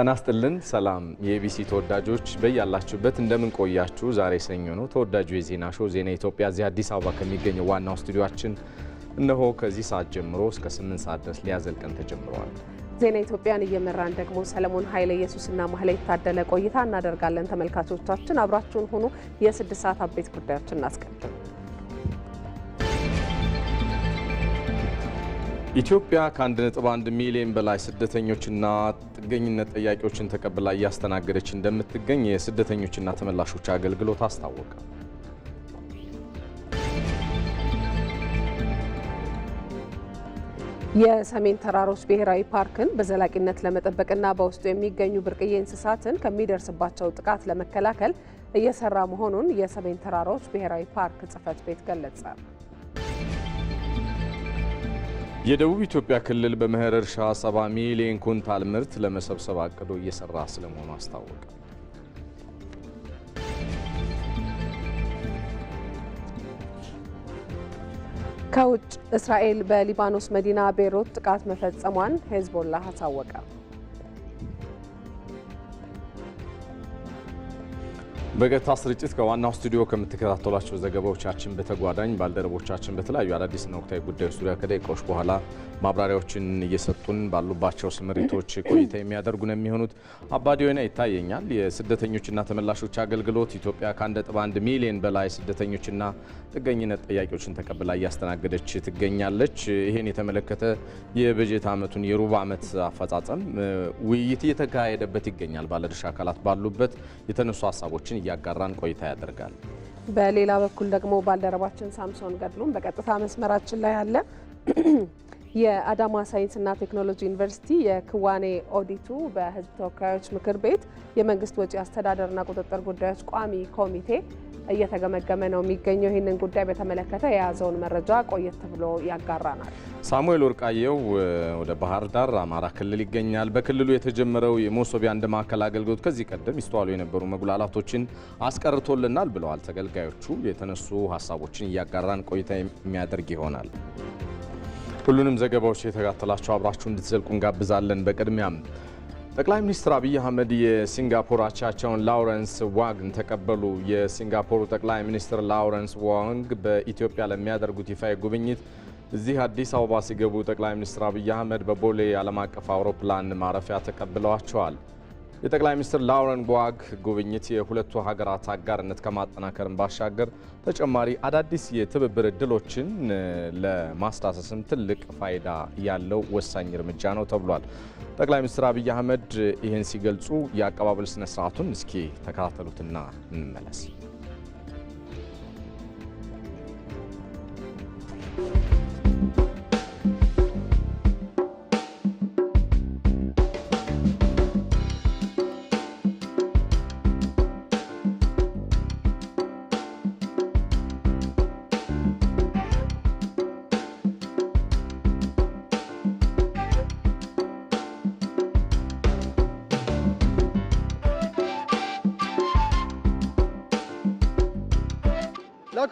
ጠናስጥልን ሰላም የኢቢሲ ተወዳጆች በያላችሁበት እንደምን ቆያችሁ? ዛሬ ሰኞ ነው። ተወዳጁ የዜና ሾው ዜና ኢትዮጵያ እዚህ አዲስ አበባ ከሚገኘው ዋናው ስቱዲዮአችን እነሆ ከዚህ ሰዓት ጀምሮ እስከ 8 ሰዓት ድረስ ሊያዘልቀን ተጀምረዋል። ዜና ኢትዮጵያን እየመራን ደግሞ ሰለሞን ኃይለ ኢየሱስና ማህለ የታደለ ቆይታ እናደርጋለን። ተመልካቾቻችን አብራችሁን ሁኑ። የስድስት ሰዓት አበይት ጉዳዮችን እናስቀድም። ኢትዮጵያ ከ1.1 ሚሊዮን በላይ ስደተኞችና ጥገኝነት ጠያቂዎችን ተቀብላ እያስተናገደች እንደምትገኝ የስደተኞችና ተመላሾች አገልግሎት አስታወቀ። የሰሜን ተራሮች ብሔራዊ ፓርክን በዘላቂነት ለመጠበቅና በውስጡ የሚገኙ ብርቅዬ እንስሳትን ከሚደርስባቸው ጥቃት ለመከላከል እየሰራ መሆኑን የሰሜን ተራሮች ብሔራዊ ፓርክ ጽሕፈት ቤት ገለጸ። የደቡብ ኢትዮጵያ ክልል በመኸር እርሻ 70 ሚሊዮን ኩንታል ምርት ለመሰብሰብ አቅዶ እየሰራ ስለመሆኑ አስታወቀ። ከውጭ እስራኤል በሊባኖስ መዲና ቤይሩት ጥቃት መፈጸሟን ሄዝቦላህ አሳወቀ። በገታ ስርጭት ከዋናው ስቱዲዮ ከምትከታተሏቸው ዘገባዎቻችን በተጓዳኝ ባልደረቦቻችን በተለያዩ አዳዲስና ወቅታዊ ጉዳዮች ዙሪያ ከደቂቃዎች በኋላ ማብራሪያዎችን እየሰጡን ባሉባቸው ስምሪቶች ቆይታ የሚያደርጉ ነው የሚሆኑት። አባዲዮና ይታየኛል የስደተኞችና ተመላሾች አገልግሎት ኢትዮጵያ ከ1.1 ሚሊዮን በላይ ስደተኞችና ጥገኝነት ጠያቂዎችን ተቀብላ እያስተናገደች ትገኛለች። ይህን የተመለከተ የበጀት ዓመቱን የሩብ ዓመት አፈጻጸም ውይይት እየተካሄደበት ይገኛል። ባለድርሻ አካላት ባሉበት የተነሱ ሀሳቦችን እያጋራን ቆይታ ያደርጋል። በሌላ በኩል ደግሞ ባልደረባችን ሳምሶን ገድሉም በቀጥታ መስመራችን ላይ አለ። የአዳማ ሳይንስና ቴክኖሎጂ ዩኒቨርሲቲ የክዋኔ ኦዲቱ በሕዝብ ተወካዮች ምክር ቤት የመንግስት ወጪ አስተዳደርና ቁጥጥር ጉዳዮች ቋሚ ኮሚቴ እየተገመገመ ነው የሚገኘው። ይህንን ጉዳይ በተመለከተ የያዘውን መረጃ ቆየት ብሎ ያጋራናል። ሳሙኤል ወርቃየው ወደ ባህር ዳር አማራ ክልል ይገኛል። በክልሉ የተጀመረው የሞሶቢያ እንደ ማዕከል አገልግሎት ከዚህ ቀደም ይስተዋሉ የነበሩ መጉላላቶችን አስቀርቶልናል ብለዋል ተገልጋዮቹ። የተነሱ ሀሳቦችን እያጋራን ቆይታ የሚያደርግ ይሆናል። ሁሉንም ዘገባዎች የተካተላቸው አብራችሁ እንድትዘልቁ እንጋብዛለን። በቅድሚያም ጠቅላይ ሚኒስትር አብይ አህመድ የሲንጋፖር አቻቸውን ላውረንስ ዋንግን ተቀበሉ። የሲንጋፖሩ ጠቅላይ ሚኒስትር ላውረንስ ዋንግ በኢትዮጵያ ለሚያደርጉት ይፋ ጉብኝት እዚህ አዲስ አበባ ሲገቡ ጠቅላይ ሚኒስትር አብይ አህመድ በቦሌ ዓለም አቀፍ አውሮፕላን ማረፊያ ተቀብለዋቸዋል። የጠቅላይ ሚኒስትር ላውረን ቦዋግ ጉብኝት የሁለቱ ሀገራት አጋርነት ከማጠናከርን ባሻገር ተጨማሪ አዳዲስ የትብብር እድሎችን ለማስታሰስም ትልቅ ፋይዳ ያለው ወሳኝ እርምጃ ነው ተብሏል። ጠቅላይ ሚኒስትር አብይ አህመድ ይህን ሲገልጹ የአቀባበል ስነ ስርዓቱን እስኪ ተከታተሉትና እንመለስ።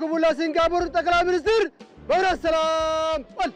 አቅሙላ ሲንጋፖር ጠቅላይ ሚኒስትር በእውነት ሰላም ቆል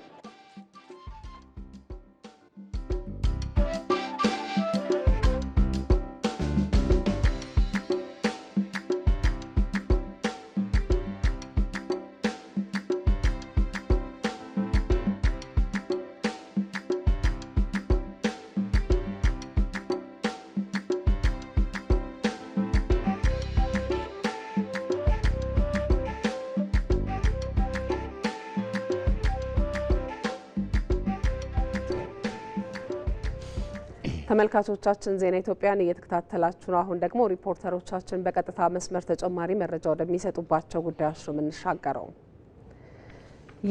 ተመልካቾቻችን ዜና ኢትዮጵያን እየተከታተላችሁ ነው። አሁን ደግሞ ሪፖርተሮቻችን በቀጥታ መስመር ተጨማሪ መረጃ ወደሚሰጡባቸው ጉዳዮች ነው የምንሻገረው።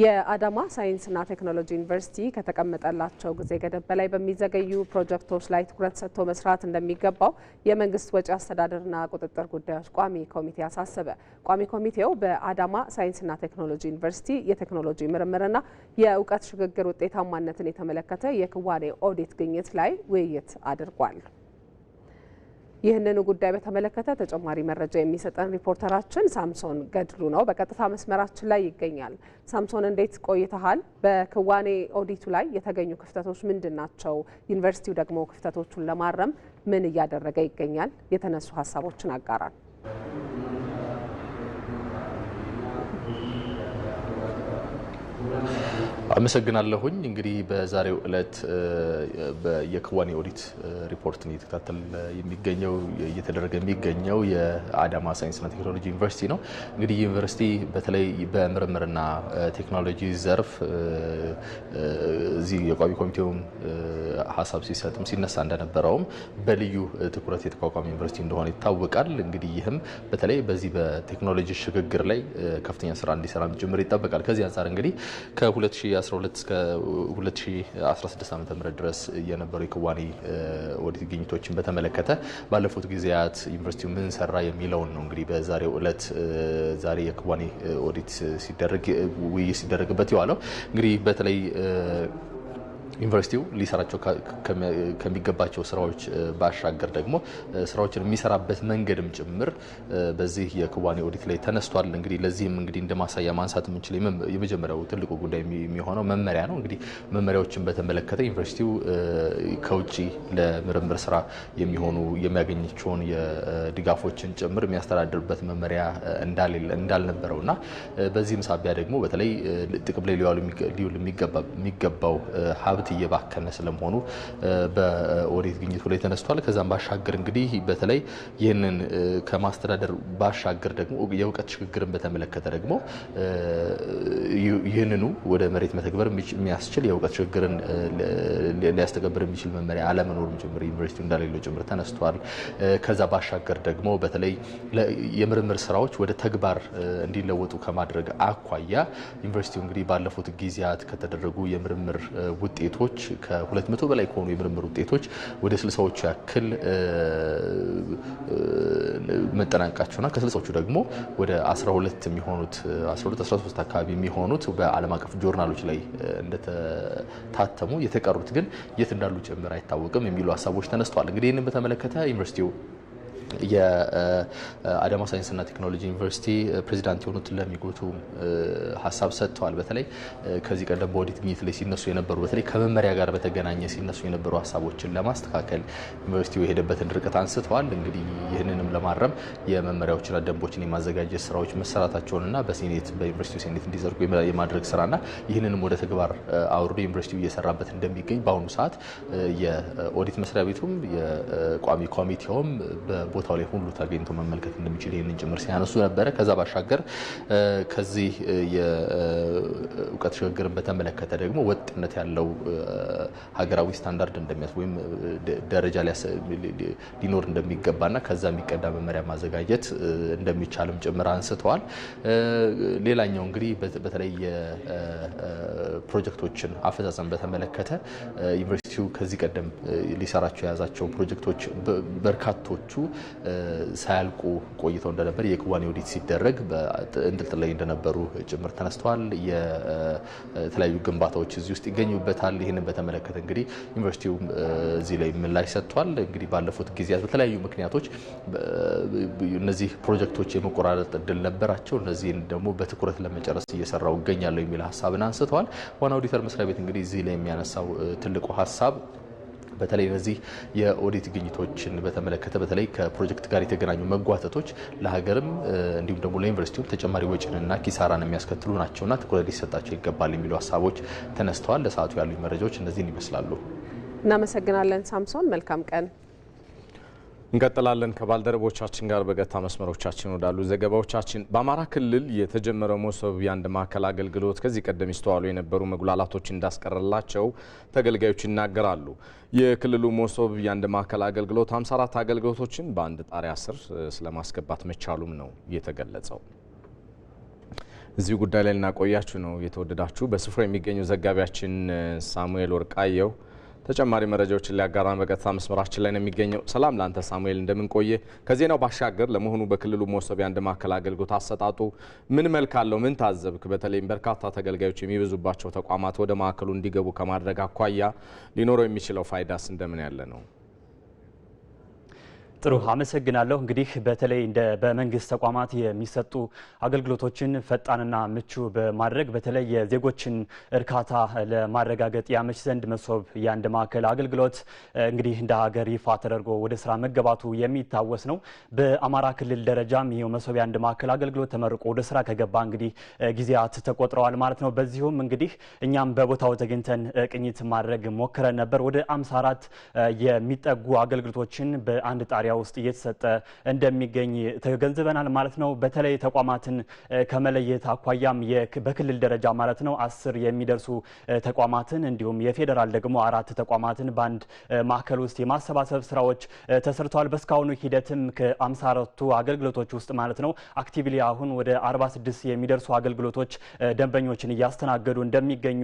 የአዳማ ሳይንስና ቴክኖሎጂ ዩኒቨርሲቲ ከተቀመጠላቸው ጊዜ ገደብ በላይ በሚዘገዩ ፕሮጀክቶች ላይ ትኩረት ሰጥቶ መስራት እንደሚገባው የመንግስት ወጪ አስተዳደርና ቁጥጥር ጉዳዮች ቋሚ ኮሚቴ አሳሰበ። ቋሚ ኮሚቴው በአዳማ ሳይንስና ቴክኖሎጂ ዩኒቨርሲቲ የቴክኖሎጂ ምርምርና የእውቀት ሽግግር ውጤታማነትን የተመለከተ የክዋኔ ኦዲት ግኝት ላይ ውይይት አድርጓል። ይህንኑ ጉዳይ በተመለከተ ተጨማሪ መረጃ የሚሰጠን ሪፖርተራችን ሳምሶን ገድሉ ነው። በቀጥታ መስመራችን ላይ ይገኛል። ሳምሶን እንዴት ቆይተሃል? በክዋኔ ኦዲቱ ላይ የተገኙ ክፍተቶች ምንድን ናቸው? ዩኒቨርሲቲው ደግሞ ክፍተቶቹን ለማረም ምን እያደረገ ይገኛል? የተነሱ ሀሳቦችን አጋራል። አመሰግናለሁኝ። እንግዲህ በዛሬው ዕለት የክዋኔ ኦዲት ሪፖርትን እየተከታተል የሚገኘው እየተደረገ የሚገኘው የአዳማ ሳይንስና ቴክኖሎጂ ዩኒቨርሲቲ ነው። እንግዲህ ዩኒቨርሲቲ በተለይ በምርምርና ቴክኖሎጂ ዘርፍ እዚህ የቋሚ ኮሚቴውም ሀሳብ ሲሰጥም ሲነሳ እንደነበረውም በልዩ ትኩረት የተቋቋመ ዩኒቨርሲቲ እንደሆነ ይታወቃል። እንግዲህ ይህም በተለይ በዚህ በቴክኖሎጂ ሽግግር ላይ ከፍተኛ ስራ እንዲሰራም ጭምር ይጠበቃል። ከዚህ አንጻር እንግዲህ ከ 2012 እስከ 2016 ዓ.ም ድረስ የነበሩ የክዋኔ ኦዲት ግኝቶችን በተመለከተ ባለፉት ጊዜያት ዩኒቨርሲቲው ምን ሰራ የሚለውን ነው እንግዲህ በዛሬው ዕለት ዛሬ የክዋኔ ኦዲት ሲደረግ ውይይት ሲደረግበት የዋለው እንግዲህ በተለይ ዩኒቨርሲቲው ሊሰራቸው ከሚገባቸው ስራዎች ባሻገር ደግሞ ስራዎችን የሚሰራበት መንገድም ጭምር በዚህ የክዋኔ ኦዲት ላይ ተነስቷል። እንግዲህ ለዚህም እንግዲህ እንደ ማሳያ ማንሳት የምንችለው የመጀመሪያው ትልቁ ጉዳይ የሚሆነው መመሪያ ነው። እንግዲህ መመሪያዎችን በተመለከተ ዩኒቨርሲቲው ከውጭ ለምርምር ስራ የሚሆኑ የሚያገኘቸውን የድጋፎችን ጭምር የሚያስተዳድርበት መመሪያ እንዳልነበረው እና በዚህም ሳቢያ ደግሞ በተለይ ጥቅም ላይ ሊውል የሚገባው ሀብት እየባከነ ስለመሆኑ በኦዲት ግኝቱ ላይ ተነስቷል። ከዛም ባሻገር እንግዲህ በተለይ ይህንን ከማስተዳደር ባሻገር ደግሞ የእውቀት ሽግግርን በተመለከተ ደግሞ ይህንኑ ወደ መሬት መተግበር የሚያስችል የእውቀት ሽግግርን ሊያስተገብር የሚችል መመሪያ አለመኖሩም ጭምር ዩኒቨርሲቲ እንዳሌለው ጭምር ተነስቷል። ከዛ ባሻገር ደግሞ በተለይ የምርምር ስራዎች ወደ ተግባር እንዲለወጡ ከማድረግ አኳያ ዩኒቨርሲቲው እንግዲህ ባለፉት ጊዜያት ከተደረጉ የምርምር ውጤት ውጤቶች ከ200 በላይ ከሆኑ የምርምር ውጤቶች ወደ ስልሳዎቹ ያክል መጠናቀቃቸውና ከስልሳዎቹ ደግሞ ወደ 12 የሚሆኑት 12 13 አካባቢ የሚሆኑት በዓለም አቀፍ ጆርናሎች ላይ እንደተታተሙ የተቀሩት ግን የት እንዳሉ ጭምር አይታወቅም የሚሉ ሀሳቦች ተነስተዋል። እንግዲህ ይህንን በተመለከተ ዩኒቨርሲቲው የአዳማ ሳይንስና ቴክኖሎጂ ዩኒቨርሲቲ ፕሬዚዳንት የሆኑት ለሚጎቱ ሀሳብ ሰጥተዋል። በተለይ ከዚህ ቀደም በኦዲት ግኝት ላይ ሲነሱ የነበሩ በተለይ ከመመሪያ ጋር በተገናኘ ሲነሱ የነበሩ ሀሳቦችን ለማስተካከል ዩኒቨርሲቲው የሄደበትን ርቀት አንስተዋል። እንግዲህ ይህንንም ለማረም የመመሪያዎችና ደንቦችን የማዘጋጀት ስራዎች መሰራታቸውንና በሴኔት በዩኒቨርሲቲ ሴኔት እንዲዘርጉ የማድረግ ስራና ይህንንም ወደ ተግባር አውርዶ ዩኒቨርሲቲው እየሰራበት እንደሚገኝ በአሁኑ ሰዓት የኦዲት መስሪያ ቤቱም የቋሚ ኮሚቴውም ቦታው ላይ ሁሉ ተገኝቶ መመልከት እንደሚችል ይህንን ጭምር ሲያነሱ ነበረ። ከዛ ባሻገር ከዚህ የእውቀት ሽግግርን በተመለከተ ደግሞ ወጥነት ያለው ሀገራዊ ስታንዳርድ እንደሚያስ ወይም ደረጃ ሊኖር እንደሚገባና ከዛ የሚቀዳ መመሪያ ማዘጋጀት እንደሚቻልም ጭምር አንስተዋል። ሌላኛው እንግዲህ በተለይ የፕሮጀክቶችን አፈጻጸም በተመለከተ ዩኒቨርሲቲው ከዚህ ቀደም ሊሰራቸው የያዛቸው ፕሮጀክቶች በርካቶቹ ሳያልቁ ቆይተው እንደነበር የክዋኔ ኦዲት ሲደረግ እንጥልጥል ላይ እንደነበሩ ጭምር ተነስተዋል። የተለያዩ ግንባታዎች እዚህ ውስጥ ይገኙበታል። ይህንን በተመለከተ እንግዲህ ዩኒቨርሲቲው እዚህ ላይ ምላሽ ሰጥቷል። እንግዲህ ባለፉት ጊዜያት በተለያዩ ምክንያቶች እነዚህ ፕሮጀክቶች የመቆራረጥ እድል ነበራቸው። እነዚህን ደግሞ በትኩረት ለመጨረስ እየሰራው እገኛለሁ የሚል ሀሳብን አንስተዋል። ዋና ኦዲተር መስሪያ ቤት እንግዲህ እዚህ ላይ የሚያነሳው ትልቁ ሀሳብ በተለይ እነዚህ የኦዲት ግኝቶችን በተመለከተ በተለይ ከፕሮጀክት ጋር የተገናኙ መጓተቶች ለሀገርም እንዲሁም ደግሞ ለዩኒቨርሲቲውም ተጨማሪ ወጪንና ኪሳራን የሚያስከትሉ ናቸውና ትኩረት ሊሰጣቸው ይገባል የሚሉ ሀሳቦች ተነስተዋል። ለሰዓቱ ያሉ መረጃዎች እነዚህን ይመስላሉ። እናመሰግናለን ሳምሶን። መልካም ቀን እንቀጥላለን ከባልደረቦቻችን ጋር በቀጥታ መስመሮቻችን ወዳሉ ዘገባዎቻችን። በአማራ ክልል የተጀመረው መሶብ የአንድ ማዕከል አገልግሎት ከዚህ ቀደም ይስተዋሉ የነበሩ መጉላላቶች እንዳስቀረላቸው ተገልጋዮች ይናገራሉ። የክልሉ መሶብ የአንድ ማዕከል አገልግሎት 54 አገልግሎቶችን በአንድ ጣሪያ ስር ስለማስገባት መቻሉም ነው የተገለጸው። እዚህ ጉዳይ ላይ ልናቆያችሁ ነው የተወደዳችሁ በስፍራ የሚገኘው ዘጋቢያችን ሳሙኤል ወርቃየው ተጨማሪ መረጃዎችን ሊያጋራን በቀጥታ መስመራችን ላይ ነው የሚገኘው። ሰላም ለአንተ ሳሙኤል፣ እንደምንቆየ ከዜናው ባሻገር ለመሆኑ በክልሉ መሶቢያ አንድ ማዕከል አገልግሎት አሰጣጡ ምን መልክ አለው? ምን ታዘብክ? በተለይም በርካታ ተገልጋዮች የሚበዙባቸው ተቋማት ወደ ማዕከሉ እንዲገቡ ከማድረግ አኳያ ሊኖረው የሚችለው ፋይዳስ እንደምን ያለ ነው? ጥሩ አመሰግናለሁ። እንግዲህ በተለይ እንደ በመንግስት ተቋማት የሚሰጡ አገልግሎቶችን ፈጣንና ምቹ በማድረግ በተለይ የዜጎችን እርካታ ለማረጋገጥ ያመች ዘንድ መሶብ የአንድ ማዕከል አገልግሎት እንግዲህ እንደ ሀገር ይፋ ተደርጎ ወደ ስራ መገባቱ የሚታወስ ነው። በአማራ ክልል ደረጃም ይኸው መሶብ የአንድ ማዕከል አገልግሎት ተመርቆ ወደ ስራ ከገባ እንግዲህ ጊዜያት ተቆጥረዋል ማለት ነው። በዚሁም እንግዲህ እኛም በቦታው ተገኝተን ቅኝት ማድረግ ሞክረን ነበር። ወደ 54 የሚጠጉ አገልግሎቶችን በአንድ ጣሪያ ማብራሪያ ውስጥ እየተሰጠ እንደሚገኝ ተገንዝበናል ማለት ነው። በተለይ ተቋማትን ከመለየት አኳያም በክልል ደረጃ ማለት ነው አስር የሚደርሱ ተቋማትን እንዲሁም የፌዴራል ደግሞ አራት ተቋማትን በአንድ ማዕከል ውስጥ የማሰባሰብ ስራዎች ተሰርተዋል። በእስካሁኑ ሂደትም ከአምሳ አራቱ አገልግሎቶች ውስጥ ማለት ነው አክቲቭሊ አሁን ወደ ስድስት የሚደርሱ አገልግሎቶች ደንበኞችን እያስተናገዱ እንደሚገኙ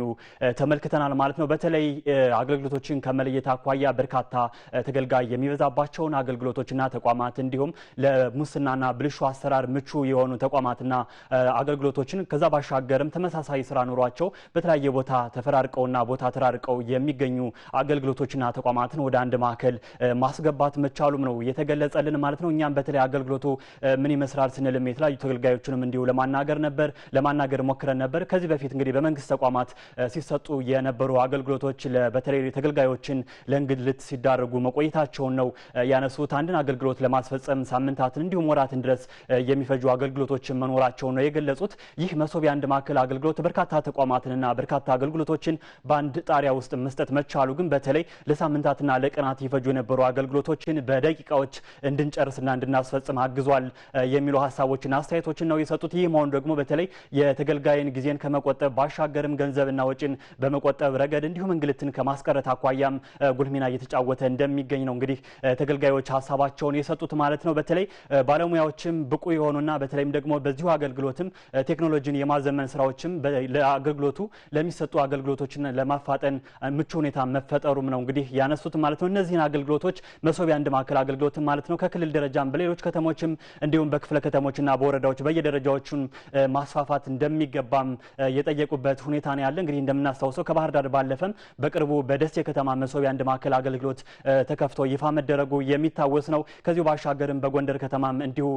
ተመልክተናል ማለት ነው። በተለይ አገልግሎቶችን ከመለየት አኳያ በርካታ ተገልጋይ የሚበዛባቸውን አገልግሎት አገልግሎቶችና ተቋማት እንዲሁም ለሙስናና ብልሹ አሰራር ምቹ የሆኑ ተቋማትና አገልግሎቶችን ከዛ ባሻገርም ተመሳሳይ ስራ ኑሯቸው በተለያየ ቦታ ተፈራርቀውና ቦታ ተራርቀው የሚገኙ አገልግሎቶችና ተቋማትን ወደ አንድ ማዕከል ማስገባት መቻሉም ነው የተገለጸልን ማለት ነው። እኛም በተለይ አገልግሎቱ ምን ይመስላል ስንልም የተለያዩ ተገልጋዮችንም እንዲሁ ለማናገር ነበር ለማናገር ሞክረን ነበር። ከዚህ በፊት እንግዲህ በመንግስት ተቋማት ሲሰጡ የነበሩ አገልግሎቶች በተለይ ተገልጋዮችን ለእንግልት ሲዳረጉ መቆየታቸውን ነው ያነሱት። አንድን አገልግሎት ለማስፈጸም ሳምንታትን እንዲሁም ወራትን ድረስ የሚፈጁ አገልግሎቶችን መኖራቸውን ነው የገለጹት። ይህ መሶብ የአንድ ማዕከል አገልግሎት በርካታ ተቋማትንና በርካታ አገልግሎቶችን በአንድ ጣሪያ ውስጥ መስጠት መቻሉ ግን በተለይ ለሳምንታትና ለቀናት ይፈጁ የነበሩ አገልግሎቶችን በደቂቃዎች እንድንጨርስና እንድናስፈጽም አግዟል የሚሉ ሀሳቦችና አስተያየቶችን ነው የሰጡት። ይህ መሆኑ ደግሞ በተለይ የተገልጋይን ጊዜን ከመቆጠብ ባሻገርም ገንዘብና ወጪን በመቆጠብ ረገድ እንዲሁም እንግልትን ከማስቀረት አኳያም ጉልህ ሚና እየተጫወተ እንደሚገኝ ነው እንግዲህ ተገልጋዮች ሀሳብ ሀሳባቸውን የሰጡት ማለት ነው። በተለይ ባለሙያዎችም ብቁ የሆኑና በተለይም ደግሞ በዚሁ አገልግሎትም ቴክኖሎጂን የማዘመን ስራዎችም ለአገልግሎቱ ለሚሰጡ አገልግሎቶችን ለማፋጠን ምቹ ሁኔታ መፈጠሩም ነው እንግዲህ ያነሱት ማለት ነው። እነዚህን አገልግሎቶች መሶብ የአንድ ማዕከል አገልግሎትም ማለት ነው ከክልል ደረጃም በሌሎች ከተሞችም እንዲሁም በክፍለ ከተሞችና በወረዳዎች በየደረጃዎቹን ማስፋፋት እንደሚገባም የጠየቁበት ሁኔታ ነው ያለ። እንግዲህ እንደምናስታውሰው ከባህር ዳር ባለፈም በቅርቡ በደሴ ከተማ መሶብ የአንድ ማዕከል አገልግሎት ተከፍቶ ይፋ መደረጉ የሚታወስ የሚዳሰስ ነው። ከዚሁ ባሻገርም በጎንደር ከተማም እንዲሁ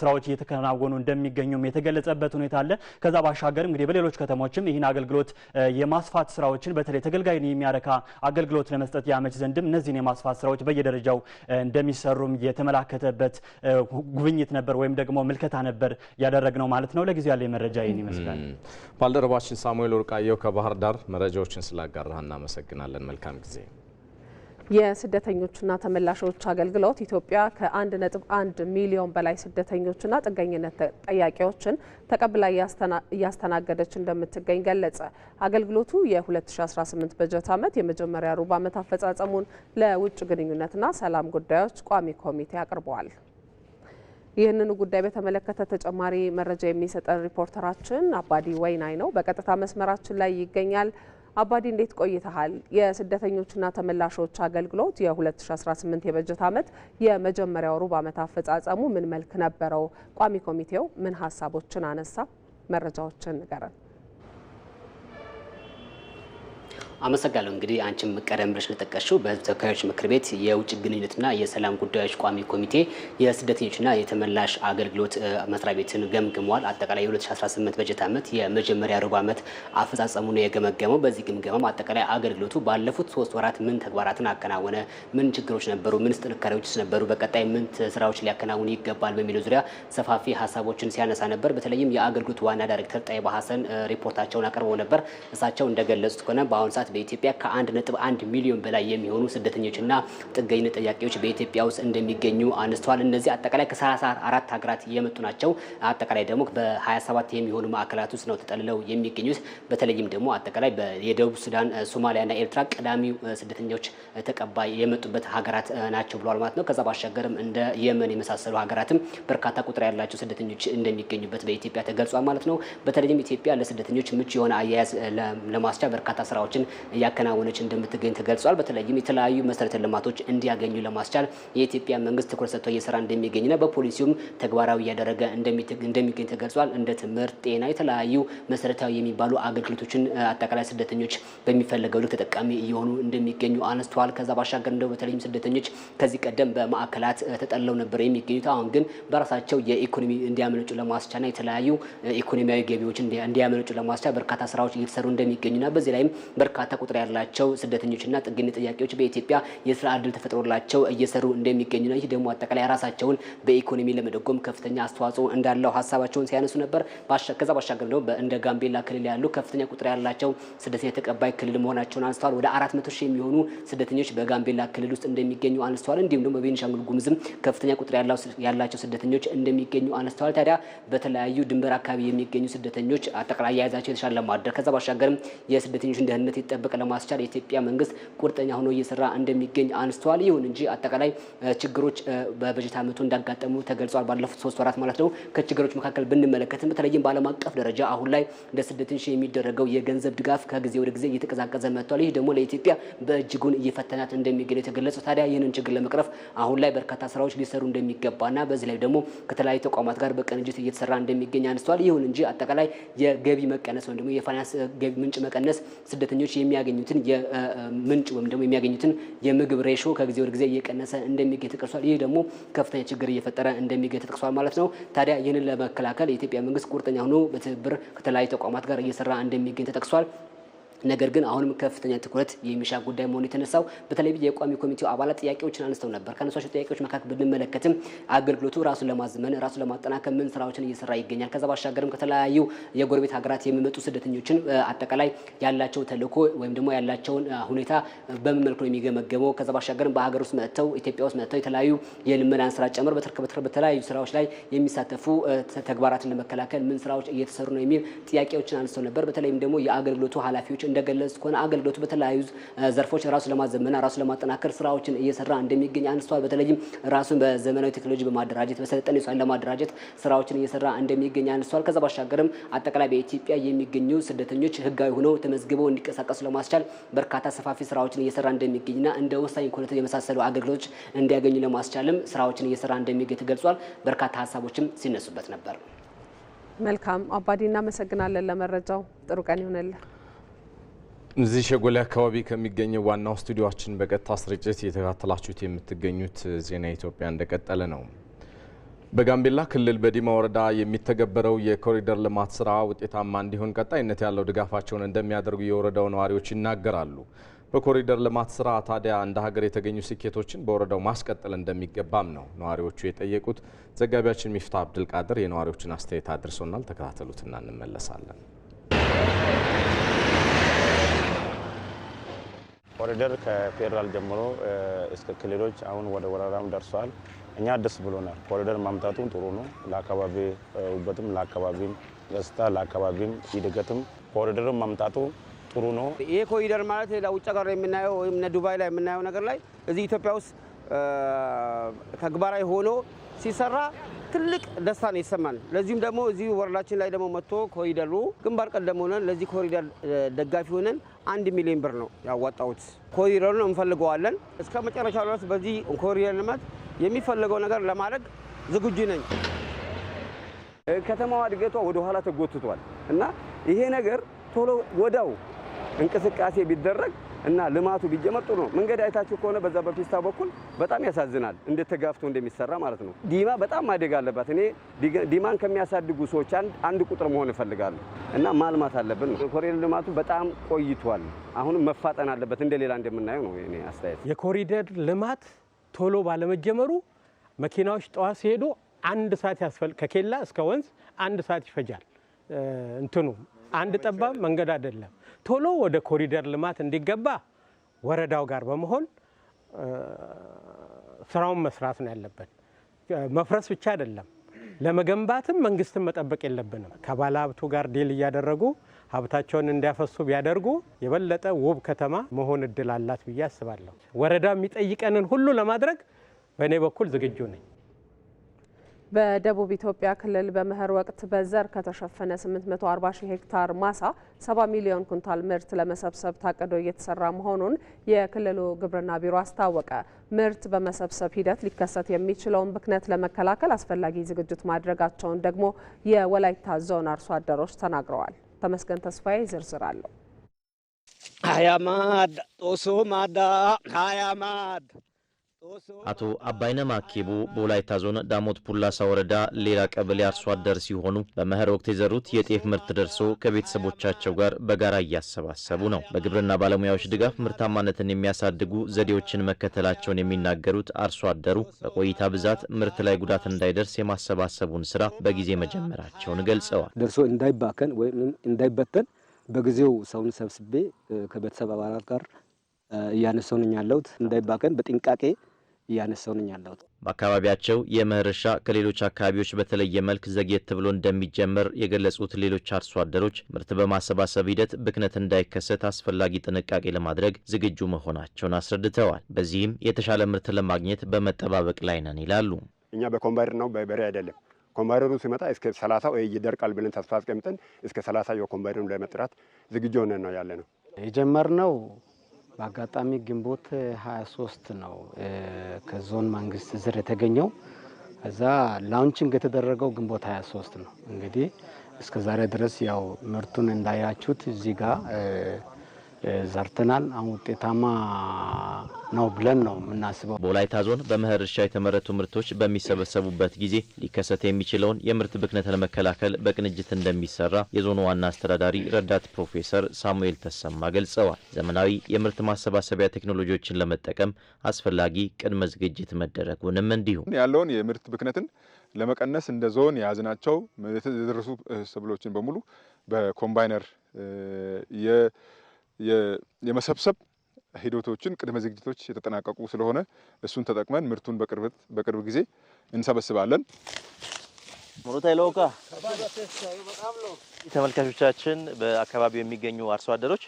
ስራዎች እየተከናወኑ እንደሚገኙም የተገለጸበት ሁኔታ አለ። ከዛ ባሻገር እንግዲህ በሌሎች ከተሞችም ይህን አገልግሎት የማስፋት ስራዎችን በተለይ ተገልጋይን የሚያረካ አገልግሎት ለመስጠት ያመች ዘንድም እነዚህን የማስፋት ስራዎች በየደረጃው እንደሚሰሩም የተመላከተበት ጉብኝት ነበር ወይም ደግሞ ምልከታ ነበር ያደረግ ነው ማለት ነው። ለጊዜው ያለ መረጃ ይህን ይመስላል። ባልደረባችን ሳሙኤል ወርቃየው ከባህር ዳር መረጃዎችን ስላጋራህ እናመሰግናለን። መልካም ጊዜ የስደተኞችና ተመላሾች አገልግሎት ኢትዮጵያ ከ1.1 ሚሊዮን በላይ ስደተኞችና ጥገኝነት ጠያቂዎችን ተቀብላ እያስተናገደች እንደምትገኝ ገለጸ። አገልግሎቱ የ2018 በጀት ዓመት የመጀመሪያ ሩብ ዓመት አፈጻጸሙን ለውጭ ግንኙነትና ሰላም ጉዳዮች ቋሚ ኮሚቴ አቅርበዋል። ይህንኑ ጉዳይ በተመለከተ ተጨማሪ መረጃ የሚሰጠን ሪፖርተራችን አባዲ ወይናይ ነው፣ በቀጥታ መስመራችን ላይ ይገኛል። አባዲ እንዴት ቆይተሃል? የስደተኞችና ተመላሾች አገልግሎት የ2018 የበጀት ዓመት የመጀመሪያው ሩብ ዓመት አፈጻጸሙ ምን መልክ ነበረው? ቋሚ ኮሚቴው ምን ሀሳቦችን አነሳ? መረጃዎችን ንገረን። አመሰጋለሁ እንግዲህ አንቺም ቀደም ብለሽ ለጠቀሽው በህዝብ ተወካዮች ምክር ቤት የውጭ ግንኙነትና የሰላም ጉዳዮች ቋሚ ኮሚቴ የስደተኞችና የተመላሽ አገልግሎት መስሪያ ቤትን ገምግመዋል። አጠቃላይ የ2018 በጀት ዓመት የመጀመሪያ ሩብ ዓመት አፈጻጸሙን የገመገመው። በዚህ ግምገማም አጠቃላይ አገልግሎቱ ባለፉት ሶስት ወራት ምን ተግባራትን አከናወነ፣ ምን ችግሮች ነበሩ፣ ምን ጥንካሬዎችስ ነበሩ፣ በቀጣይ ምን ስራዎች ሊያከናውን ይገባል በሚለው ዙሪያ ሰፋፊ ሀሳቦችን ሲያነሳ ነበር። በተለይም የአገልግሎት ዋና ዳይሬክተር ጣይባ ሀሰን ሪፖርታቸውን አቅርበው ነበር። እሳቸው እንደገለጹት ከሆነ በአሁኑ ሰዓት ሰዓት በኢትዮጵያ ከ1.1 ሚሊዮን በላይ የሚሆኑ ስደተኞችና ጥገኝነት ጠያቂዎች በኢትዮጵያ ውስጥ እንደሚገኙ አንስተዋል። እነዚህ አጠቃላይ ከ34 ሀገራት የመጡ ናቸው። አጠቃላይ ደግሞ በ27 የሚሆኑ ማዕከላት ውስጥ ነው ተጠልለው የሚገኙት። በተለይም ደግሞ አጠቃላይ የደቡብ ሱዳን፣ ሶማሊያና ኤርትራ ቀዳሚው ስደተኞች ተቀባይ የመጡበት ሀገራት ናቸው ብለዋል ማለት ነው። ከዛ ባሻገርም እንደ የመን የመሳሰሉ ሀገራትም በርካታ ቁጥር ያላቸው ስደተኞች እንደሚገኙበት በኢትዮጵያ ተገልጿል ማለት ነው። በተለይም ኢትዮጵያ ለስደተኞች ምቹ የሆነ አያያዝ ለማስቻ በርካታ ስራዎችን እያከናወነች እንደምትገኝ ተገልጿል። በተለይም የተለያዩ መሰረተ ልማቶች እንዲያገኙ ለማስቻል የኢትዮጵያ መንግስት ትኩረት ሰጥቶ እየሰራ እንደሚገኝና በፖሊሲውም ተግባራዊ እያደረገ እንደሚገኝ ተገልጿል። እንደ ትምህርት፣ ጤና፣ የተለያዩ መሰረታዊ የሚባሉ አገልግሎቶችን አጠቃላይ ስደተኞች በሚፈለገው ልክ ተጠቃሚ እየሆኑ እንደሚገኙ አነስተዋል። ከዛ ባሻገር እንደው በተለይም ስደተኞች ከዚህ ቀደም በማዕከላት ተጠለው ነበር የሚገኙት። አሁን ግን በራሳቸው የኢኮኖሚ እንዲያመነጩ ለማስቻልና የተለያዩ ኢኮኖሚያዊ ገቢዎች እንዲያመነጩ ለማስቻል በርካታ ስራዎች እየተሰሩ እንደሚገኙና በዚህ ላይም በርካታ በርካታ ቁጥር ያላቸው ስደተኞችና ጥገኝነት ጥያቄዎች በኢትዮጵያ የስራ እድል ተፈጥሮላቸው እየሰሩ ነው። ይህ ደግሞ አጠቃላይ ራሳቸውን በኢኮኖሚ ለመደጎም ከፍተኛ አስተዋጽኦ እንዳለው ሀሳባቸውን ሲያነሱ ነበር። ከዛ ባሻገር ደግሞ እንደ ጋምቤላ ክልል ያሉ ከፍተኛ ቁጥር ያላቸው ስደተኛ ተቀባይ ክልል መሆናቸውን አንስተዋል። ወደ አራት መቶ ሺህ የሚሆኑ ስደተኞች በጋምቤላ ክልል ውስጥ እንደሚገኙ አንስተዋል። እንዲሁም ደግሞ በቤኒሻንጉል ጉምዝም ከፍተኛ ቁጥር ያላቸው ስደተኞች እንደሚገኙ አንስተዋል። ታዲያ በተለያዩ ድንበር አካባቢ የሚገኙ ስደተኞች አጠቃላይ አያያዛቸው የተሻለ ማድረግ ከዛ ባሻገርም የስደተኞችን ደህንነት እንዲጠበቅ ለማስቻል የኢትዮጵያ መንግስት ቁርጠኛ ሆኖ እየሰራ እንደሚገኝ አንስተዋል። ይሁን እንጂ አጠቃላይ ችግሮች በበጀት አመቱ እንዳጋጠሙ ተገልጿል። ባለፉት ሶስት ወራት ማለት ነው። ከችግሮች መካከል ብንመለከትም በተለይም በዓለም አቀፍ ደረጃ አሁን ላይ ለስደተኞች የሚደረገው የገንዘብ ድጋፍ ከጊዜ ወደ ጊዜ እየተቀዛቀዘ መጥቷል። ይህ ደግሞ ለኢትዮጵያ በእጅጉን እየፈተናት እንደሚገኝ የተገለጸው ታዲያ ይህንን ችግር ለመቅረፍ አሁን ላይ በርካታ ስራዎች ሊሰሩ እንደሚገባና በዚህ ላይ ደግሞ ከተለያዩ ተቋማት ጋር በቅንጅት እየተሰራ እንደሚገኝ አንስተዋል። ይሁን እንጂ አጠቃላይ የገቢ መቀነስ ወይም ደግሞ የፋይናንስ ገቢ ምንጭ መቀነስ ስደተኞች የሚያገኙትን የምንጭ ወይም ደግሞ የሚያገኙትን የምግብ ሬሾ ከጊዜ ወደ ጊዜ እየቀነሰ እንደሚገኝ ተጠቅሷል። ይህ ደግሞ ከፍተኛ ችግር እየፈጠረ እንደሚገኝ ተጠቅሷል ማለት ነው። ታዲያ ይህንን ለመከላከል የኢትዮጵያ መንግስት ቁርጠኛ ሆኖ በትብብር ከተለያዩ ተቋማት ጋር እየሰራ እንደሚገኝ ተጠቅሷል። ነገር ግን አሁንም ከፍተኛ ትኩረት የሚሻ ጉዳይ መሆኑ የተነሳው በተለይ የቋሚ ኮሚቴው አባላት ጥያቄዎችን አንስተው ነበር። ከነሷቸው ጥያቄዎች መካከል ብንመለከትም አገልግሎቱ ራሱን ለማዘመን ራሱን ለማጠናከር ምን ስራዎችን እየሰራ ይገኛል፣ ከዛ ባሻገርም ከተለያዩ የጎረቤት ሀገራት የሚመጡ ስደተኞችን አጠቃላይ ያላቸው ተልእኮ ወይም ደግሞ ያላቸውን ሁኔታ በምን መልኩ ነው የሚገመገመው፣ ከዛ ባሻገርም በሀገር ውስጥ መጥተው ኢትዮጵያ ውስጥ መጥተው የተለያዩ የልመናን ስራ ጨምር በተለያዩ ስራዎች ላይ የሚሳተፉ ተግባራትን ለመከላከል ምን ስራዎች እየተሰሩ ነው የሚል ጥያቄዎችን አንስተው ነበር። በተለይም ደግሞ የአገልግሎቱ ኃላፊዎች እንደገለጹት ከሆነ አገልግሎቱ በተለያዩ ዘርፎች ራሱ ለማዘመና ራሱ ለማጠናከር ስራዎችን እየሰራ እንደሚገኝ አንስቷል። በተለይም ራሱን በዘመናዊ ቴክኖሎጂ በማደራጀት በሰለጠነ ሰን ለማደራጀት ስራዎችን እየሰራ እንደሚገኝ አንስቷል። ከዛ ባሻገርም አጠቃላይ በኢትዮጵያ የሚገኙ ስደተኞች ህጋዊ ሆነው ተመዝግበው እንዲንቀሳቀሱ ለማስቻል በርካታ ሰፋፊ ስራዎችን እየሰራ እንደሚገኝና እንደ ወሳኝ ኩነት የመሳሰሉ አገልግሎቶች እንዲያገኙ ለማስቻልም ስራዎችን እየሰራ እንደሚገኝ ተገልጿል። በርካታ ሀሳቦችም ሲነሱበት ነበር። መልካም አባዲ፣ እናመሰግናለን ለመረጃው። ጥሩ ቀን ይሆነልን። እዚህ ሸጎሌ አካባቢ ከሚገኘው ዋናው ስቱዲዮችን በቀጥታ ስርጭት የተከታተላችሁት የምትገኙት ዜና ኢትዮጵያ እንደቀጠለ ነው። በጋምቤላ ክልል በዲማ ወረዳ የሚተገበረው የኮሪደር ልማት ስራ ውጤታማ እንዲሆን ቀጣይነት ያለው ድጋፋቸውን እንደሚያደርጉ የወረዳው ነዋሪዎች ይናገራሉ። በኮሪደር ልማት ስራ ታዲያ እንደ ሀገር የተገኙ ስኬቶችን በወረዳው ማስቀጠል እንደሚገባም ነው ነዋሪዎቹ የጠየቁት። ዘጋቢያችን ሚፍታ አብድልቃድር የነዋሪዎችን አስተያየት አድርሶናል። ተከታተሉትና እንመለሳለን። ኮሪደር ከፌዴራል ጀምሮ እስከ ክልሎች አሁን ወደ ወረዳም ደርሰዋል። እኛ ደስ ብሎናል። ኮሪደር ማምጣቱም ጥሩ ነው። ለአካባቢ ውበትም፣ ለአካባቢም ገጽታ፣ ለአካባቢም ይድገትም ኮሪደር ማምጣቱ ጥሩ ነው። ይህ ኮሪደር ማለት ለውጭ ሀገር የምናየው ወይም ዱባይ ላይ የምናየው ነገር ላይ እዚህ ኢትዮጵያ ውስጥ ተግባራዊ ሆኖ ሲሰራ ትልቅ ደስታ ነው ይሰማል። ለዚሁም ደግሞ እዚህ ወረዳችን ላይ ደግሞ መጥቶ ኮሪደሩ ግንባር ቀደም ሆነን ለዚህ ኮሪደር ደጋፊ ሆነን አንድ ሚሊዮን ብር ነው ያዋጣሁት። ኮሪደሩን እንፈልገዋለን እስከ መጨረሻ ድረስ በዚህ ኮሪደር ልማት የሚፈለገው ነገር ለማድረግ ዝግጁ ነኝ። ከተማዋ እድገቷ ወደኋላ ተጎትቷል እና ይሄ ነገር ቶሎ ወዳው እንቅስቃሴ ቢደረግ እና ልማቱ ቢጀመር ጥሩ ነው። መንገድ አይታችሁ ከሆነ በዛ በፊስታ በኩል በጣም ያሳዝናል፣ እንዴት ተጋፍቶ እንደሚሰራ ማለት ነው። ዲማ በጣም ማደግ አለባት። እኔ ዲማን ከሚያሳድጉ ሰዎች አንድ ቁጥር መሆን እፈልጋለሁ እና ማልማት አለብን ነው። የኮሪደር ልማቱ በጣም ቆይቷል፣ አሁንም መፋጠን አለበት። እንደሌላ እንደምናየው ነው የእኔ አስተያየት። የኮሪደር ልማት ቶሎ ባለመጀመሩ መኪናዎች ጠዋት ሲሄዱ አንድ ሰዓት ያስፈል ከኬላ እስከ ወንዝ አንድ ሰዓት ይፈጃል። እንትኑ አንድ ጠባብ መንገድ አይደለም። ቶሎ ወደ ኮሪደር ልማት እንዲገባ ወረዳው ጋር በመሆን ስራውን መስራት ነው ያለብን። መፍረስ ብቻ አይደለም፣ ለመገንባትም መንግስትን መጠበቅ የለብንም። ከባለ ሀብቱ ጋር ዲል እያደረጉ ሀብታቸውን እንዲያፈሱ ቢያደርጉ የበለጠ ውብ ከተማ መሆን እድል አላት ብዬ አስባለሁ። ወረዳ የሚጠይቀንን ሁሉ ለማድረግ በእኔ በኩል ዝግጁ ነኝ። በደቡብ ኢትዮጵያ ክልል በመኸር ወቅት በዘር ከተሸፈነ 840 ሺህ ሄክታር ማሳ 70 ሚሊዮን ኩንታል ምርት ለመሰብሰብ ታቅዶ እየተሰራ መሆኑን የክልሉ ግብርና ቢሮ አስታወቀ። ምርት በመሰብሰብ ሂደት ሊከሰት የሚችለውን ብክነት ለመከላከል አስፈላጊ ዝግጅት ማድረጋቸውን ደግሞ የወላይታ ዞን አርሶ አደሮች ተናግረዋል። ተመስገን ተስፋዬ ዝርዝር አለው። ሀያማድ ጦሶ ማዳ ሀያማድ አቶ አባይነ ማኬቦ በወላይታ ዞን ዳሞት ፑላሳ ወረዳ ሌላ ቀበሌ አርሶ አደር ሲሆኑ በመኸር ወቅት የዘሩት የጤፍ ምርት ደርሶ ከቤተሰቦቻቸው ጋር በጋራ እያሰባሰቡ ነው። በግብርና ባለሙያዎች ድጋፍ ምርታማነትን የሚያሳድጉ ዘዴዎችን መከተላቸውን የሚናገሩት አርሶ አደሩ በቆይታ ብዛት ምርት ላይ ጉዳት እንዳይደርስ የማሰባሰቡን ስራ በጊዜ መጀመራቸውን ገልጸዋል። ደርሶ እንዳይባከን ወይም እንዳይበተን በጊዜው ሰውን ሰብስቤ ከቤተሰብ አባላት ጋር እያነሰውን ያለሁት እንዳይባከን በጥንቃቄ እያነሳው ነኝ ያለሁት። በአካባቢያቸው የመኸር እርሻ ከሌሎች አካባቢዎች በተለየ መልክ ዘግየት ብሎ እንደሚጀመር የገለጹት ሌሎች አርሶ አደሮች ምርት በማሰባሰብ ሂደት ብክነት እንዳይከሰት አስፈላጊ ጥንቃቄ ለማድረግ ዝግጁ መሆናቸውን አስረድተዋል። በዚህም የተሻለ ምርት ለማግኘት በመጠባበቅ ላይ ነን ይላሉ። እኛ በኮምባይር ነው በበሬ አይደለም። ኮምባይነሩ ሲመጣ እስከ 30 ወይ ይደርቃል ብለን ተስፋ አስቀምጠን እስከ 30 የኮምባይነሩ ለመጥራት ዝግጁ ሆነን ነው ያለ ነው የጀመርነው በአጋጣሚ ግንቦት 23 ነው ከዞን መንግስት ዝር የተገኘው። እዛ ላውንችንግ የተደረገው ግንቦት 23 ነው። እንግዲህ እስከ ዛሬ ድረስ ያው ምርቱን እንዳያችሁት እዚህ ጋር ዘርተናል። አሁን ውጤታማ ነው ብለን ነው የምናስበው። በወላይታ ዞን በመኸር እርሻ የተመረቱ ምርቶች በሚሰበሰቡበት ጊዜ ሊከሰት የሚችለውን የምርት ብክነት ለመከላከል በቅንጅት እንደሚሰራ የዞኑ ዋና አስተዳዳሪ ረዳት ፕሮፌሰር ሳሙኤል ተሰማ ገልጸዋል። ዘመናዊ የምርት ማሰባሰቢያ ቴክኖሎጂዎችን ለመጠቀም አስፈላጊ ቅድመ ዝግጅት መደረጉንም እንዲሁ ያለውን የምርት ብክነትን ለመቀነስ እንደ ዞን የያዝናቸው የደረሱ ሰብሎችን በሙሉ በኮምባይነር የመሰብሰብ ሂደቶችን ቅድመ ዝግጅቶች የተጠናቀቁ ስለሆነ እሱን ተጠቅመን ምርቱን በቅርብ ጊዜ እንሰበስባለን። ተመልካቾቻችን በአካባቢው የሚገኙ አርሶ አደሮች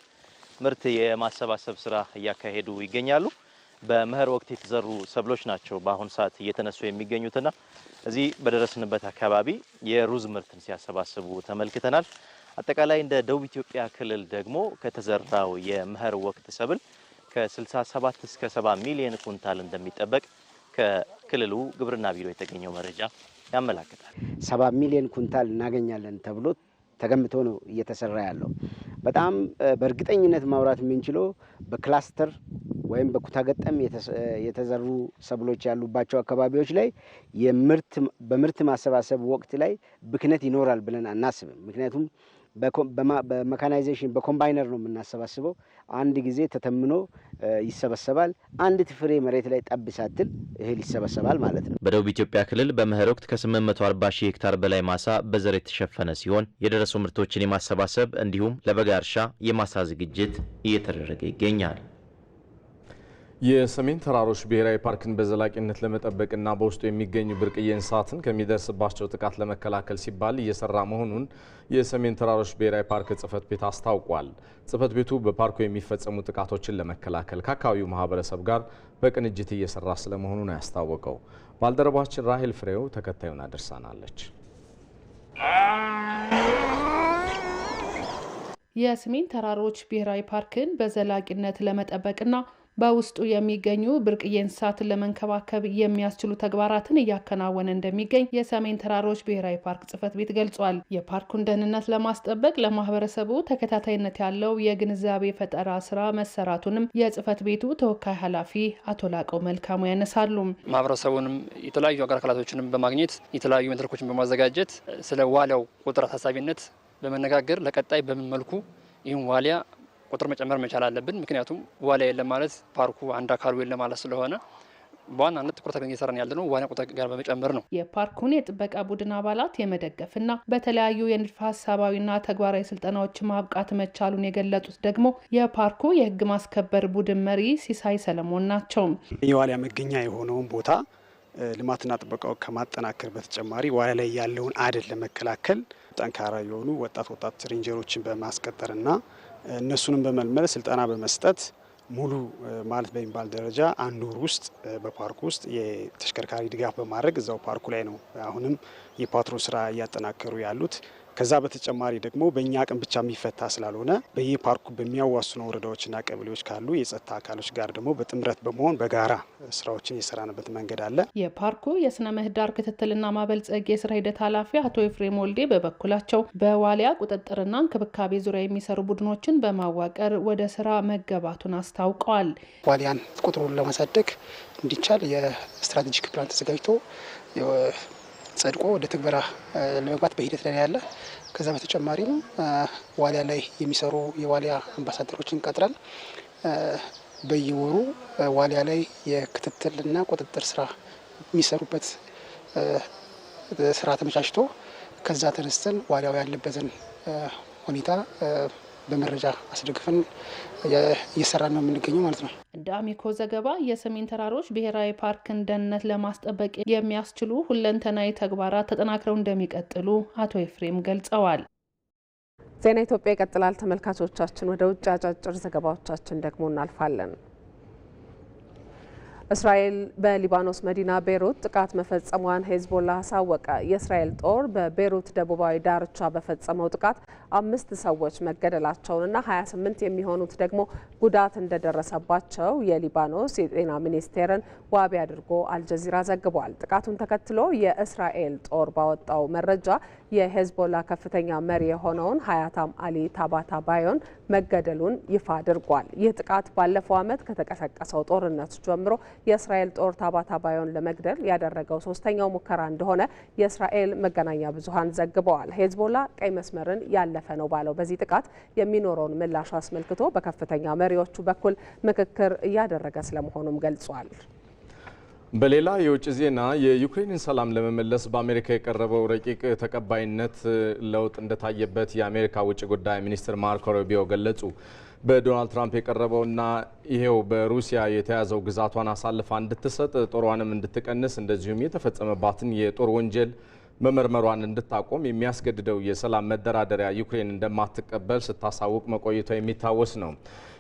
ምርት የማሰባሰብ ስራ እያካሄዱ ይገኛሉ። በመኸር ወቅት የተዘሩ ሰብሎች ናቸው በአሁኑ ሰዓት እየተነሱ የሚገኙትና እዚህ በደረስንበት አካባቢ የሩዝ ምርትን ሲያሰባስቡ ተመልክተናል። አጠቃላይ እንደ ደቡብ ኢትዮጵያ ክልል ደግሞ ከተዘራው የመኸር ወቅት ሰብል ከ67 እስከ 70 ሚሊዮን ኩንታል እንደሚጠበቅ ከክልሉ ግብርና ቢሮ የተገኘው መረጃ ያመላክታል። 70 ሚሊዮን ኩንታል እናገኛለን ተብሎ ተገምቶ ነው እየተሰራ ያለው። በጣም በእርግጠኝነት ማውራት የምንችለው በክላስተር ወይም በኩታገጠም የተዘሩ ሰብሎች ያሉባቸው አካባቢዎች ላይ በምርት ማሰባሰብ ወቅት ላይ ብክነት ይኖራል ብለን አናስብም። ምክንያቱም በመካናይዜሽን በኮምባይነር ነው የምናሰባስበው። አንድ ጊዜ ተተምኖ ይሰበሰባል። አንዲት ፍሬ መሬት ላይ ጠብ ሳትል እህል ይሰበሰባል ማለት ነው። በደቡብ ኢትዮጵያ ክልል በመኸር ወቅት ከ840 ሺህ ሄክታር በላይ ማሳ በዘር የተሸፈነ ሲሆን የደረሱ ምርቶችን የማሰባሰብ እንዲሁም ለበጋ እርሻ የማሳ ዝግጅት እየተደረገ ይገኛል። የሰሜን ተራሮች ብሔራዊ ፓርክን በዘላቂነት ለመጠበቅና በውስጡ የሚገኙ ብርቅዬ እንስሳትን ከሚደርስባቸው ጥቃት ለመከላከል ሲባል እየሰራ መሆኑን የሰሜን ተራሮች ብሔራዊ ፓርክ ጽፈት ቤት አስታውቋል። ጽፈት ቤቱ በፓርኩ የሚፈጸሙ ጥቃቶችን ለመከላከል ከአካባቢው ማህበረሰብ ጋር በቅንጅት እየሰራ ስለመሆኑ ነው ያስታወቀው። ባልደረባችን ራሄል ፍሬው ተከታዩን አድርሳናለች። የሰሜን ተራሮች ብሔራዊ ፓርክን በዘላቂነት ለመጠበቅና በውስጡ የሚገኙ ብርቅዬ እንስሳትን ለመንከባከብ የሚያስችሉ ተግባራትን እያከናወነ እንደሚገኝ የሰሜን ተራሮች ብሔራዊ ፓርክ ጽህፈት ቤት ገልጿል። የፓርኩን ደህንነት ለማስጠበቅ ለማህበረሰቡ ተከታታይነት ያለው የግንዛቤ ፈጠራ ስራ መሰራቱንም የጽህፈት ቤቱ ተወካይ ኃላፊ አቶ ላቀው መልካሙ ያነሳሉ። ማህበረሰቡንም የተለያዩ አገር አካላቶችንም በማግኘት የተለያዩ መድረኮችን በማዘጋጀት ስለ ዋሊያው ቁጥር አሳሳቢነት በመነጋገር ለቀጣይ በምን መልኩ ይህም ዋሊያ ቁጥር መጨመር መቻል አለብን። ምክንያቱም ዋሊያ የለም ማለት ፓርኩ አንድ አካሉ የለም ማለት ስለሆነ በዋናነት ትኩረት አድርገን እየሰራን ነው ዋና ቁጥር ጋር በመጨመር ነው። የፓርኩን የጥበቃ ቡድን አባላት የመደገፍና በተለያዩ የንድፈ ሀሳባዊና ተግባራዊ ስልጠናዎች ማብቃት መቻሉን የገለጡት ደግሞ የፓርኩ የህግ ማስከበር ቡድን መሪ ሲሳይ ሰለሞን ናቸው። የዋሊያ መገኛ የሆነውን ቦታ ልማትና ጥበቃው ከማጠናከር በተጨማሪ ዋሊያ ላይ ያለውን አደን ለመከላከል ጠንካራ የሆኑ ወጣት ወጣት ሬንጀሮችን በማስቀጠርና እነሱንም በመልመል ስልጠና በመስጠት ሙሉ ማለት በሚባል ደረጃ አንድ ወር ውስጥ በፓርኩ ውስጥ የተሽከርካሪ ድጋፍ በማድረግ እዛው ፓርኩ ላይ ነው አሁንም የፓትሮል ስራ እያጠናከሩ ያሉት። ከዛ በተጨማሪ ደግሞ በእኛ አቅም ብቻ የሚፈታ ስላልሆነ በየፓርኩ በሚያዋስኑ ወረዳዎችና ቀበሌዎች ካሉ የጸጥታ አካሎች ጋር ደግሞ በጥምረት በመሆን በጋራ ስራዎችን የሰራንበት መንገድ አለ። የፓርኩ የስነ ምህዳር ክትትልና ማበልጸግ የስራ ሂደት ኃላፊ አቶ ኤፍሬም ወልዴ በበኩላቸው በዋሊያ ቁጥጥርና እንክብካቤ ዙሪያ የሚሰሩ ቡድኖችን በማዋቀር ወደ ስራ መገባቱን አስታውቀዋል። ዋሊያን ቁጥሩን ለማሳደግ እንዲቻል የስትራቴጂክ ፕላን ተዘጋጅቶ ጸድቆ ወደ ትግበራ ለመግባት በሂደት ላይ ያለ። ከዛ በተጨማሪም ዋሊያ ላይ የሚሰሩ የዋሊያ አምባሳደሮችን ቀጥረን በየወሩ ዋሊያ ላይ የክትትልና ቁጥጥር ስራ የሚሰሩበት ስራ ተመቻችቶ ከዛ ተነስተን ዋሊያው ያለበትን ሁኔታ በመረጃ አስደግፈን እየሰራ ነው የምንገኘው ማለት ነው። እንደ አሚኮ ዘገባ የሰሜን ተራሮች ብሔራዊ ፓርክን ደህንነት ለማስጠበቅ የሚያስችሉ ሁለንተናዊ ተግባራት ተጠናክረው እንደሚቀጥሉ አቶ ኤፍሬም ገልጸዋል። ዜና ኢትዮጵያ ይቀጥላል። ተመልካቾቻችን፣ ወደ ውጭ አጫጭር ዘገባዎቻችን ደግሞ እናልፋለን። እስራኤል በሊባኖስ መዲና ቤሩት ጥቃት መፈጸሟን ሄዝቦላ አሳወቀ። የእስራኤል ጦር በቤይሩት ደቡባዊ ዳርቻ በፈጸመው ጥቃት አምስት ሰዎች መገደላቸውንና 28 የሚሆኑት ደግሞ ጉዳት እንደደረሰባቸው የሊባኖስ የጤና ሚኒስቴርን ዋቢ አድርጎ አልጀዚራ ዘግቧል። ጥቃቱን ተከትሎ የእስራኤል ጦር ባወጣው መረጃ የሄዝቦላ ከፍተኛ መሪ የሆነውን ሀያታም አሊ ታባታ ባዮን መገደሉን ይፋ አድርጓል። ይህ ጥቃት ባለፈው ዓመት ከተቀሰቀሰው ጦርነት ጀምሮ የእስራኤል ጦር ታባታባዮን ለመግደል ያደረገው ሶስተኛው ሙከራ እንደሆነ የእስራኤል መገናኛ ብዙሃን ዘግበዋል። ሄዝቦላ ቀይ መስመርን ያለፈ ነው ባለው በዚህ ጥቃት የሚኖረውን ምላሽ አስመልክቶ በከፍተኛ መሪዎቹ በኩል ምክክር እያደረገ ስለመሆኑም ገልጿል። በሌላ የውጭ ዜና የዩክሬንን ሰላም ለመመለስ በአሜሪካ የቀረበው ረቂቅ ተቀባይነት ለውጥ እንደታየበት የአሜሪካ ውጭ ጉዳይ ሚኒስትር ማርኮ ሩቢዮ ገለጹ። በዶናልድ ትራምፕ የቀረበውና ይሄው በሩሲያ የተያዘው ግዛቷን አሳልፋ እንድትሰጥ ጦሯንም እንድትቀንስ እንደዚሁም የተፈጸመባትን የጦር ወንጀል መመርመሯን እንድታቆም የሚያስገድደው የሰላም መደራደሪያ ዩክሬን እንደማትቀበል ስታሳውቅ መቆየቷ የሚታወስ ነው።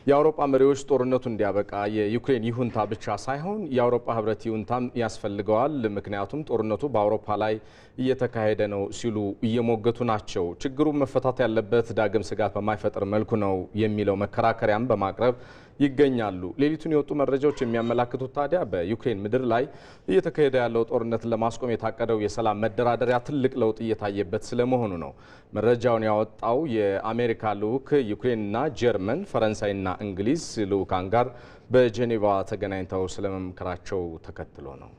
የአውሮፓ መሪዎች ጦርነቱ እንዲያበቃ የዩክሬን ይሁንታ ብቻ ሳይሆን የአውሮፓ ህብረት ይሁንታም ያስፈልገዋል፣ ምክንያቱም ጦርነቱ በአውሮፓ ላይ እየተካሄደ ነው ሲሉ እየሞገቱ ናቸው። ችግሩ መፈታት ያለበት ዳግም ስጋት በማይፈጥር መልኩ ነው የሚለው መከራከሪያም በማቅረብ ይገኛሉ። ሌሊቱን የወጡ መረጃዎች የሚያመላክቱት ታዲያ በዩክሬን ምድር ላይ እየተካሄደ ያለው ጦርነትን ለማስቆም የታቀደው የሰላም መደራደሪያ ትልቅ ለውጥ እየታየበት ስለመሆኑ ነው። መረጃውን ያወጣው የአሜሪካ ልዑክ ዩክሬንና ጀርመን ፈረንሳይና ጀርመንና እንግሊዝ ልዑካን ጋር በጄኔቫ ተገናኝተው ስለመምከራቸው ተከትሎ ነው።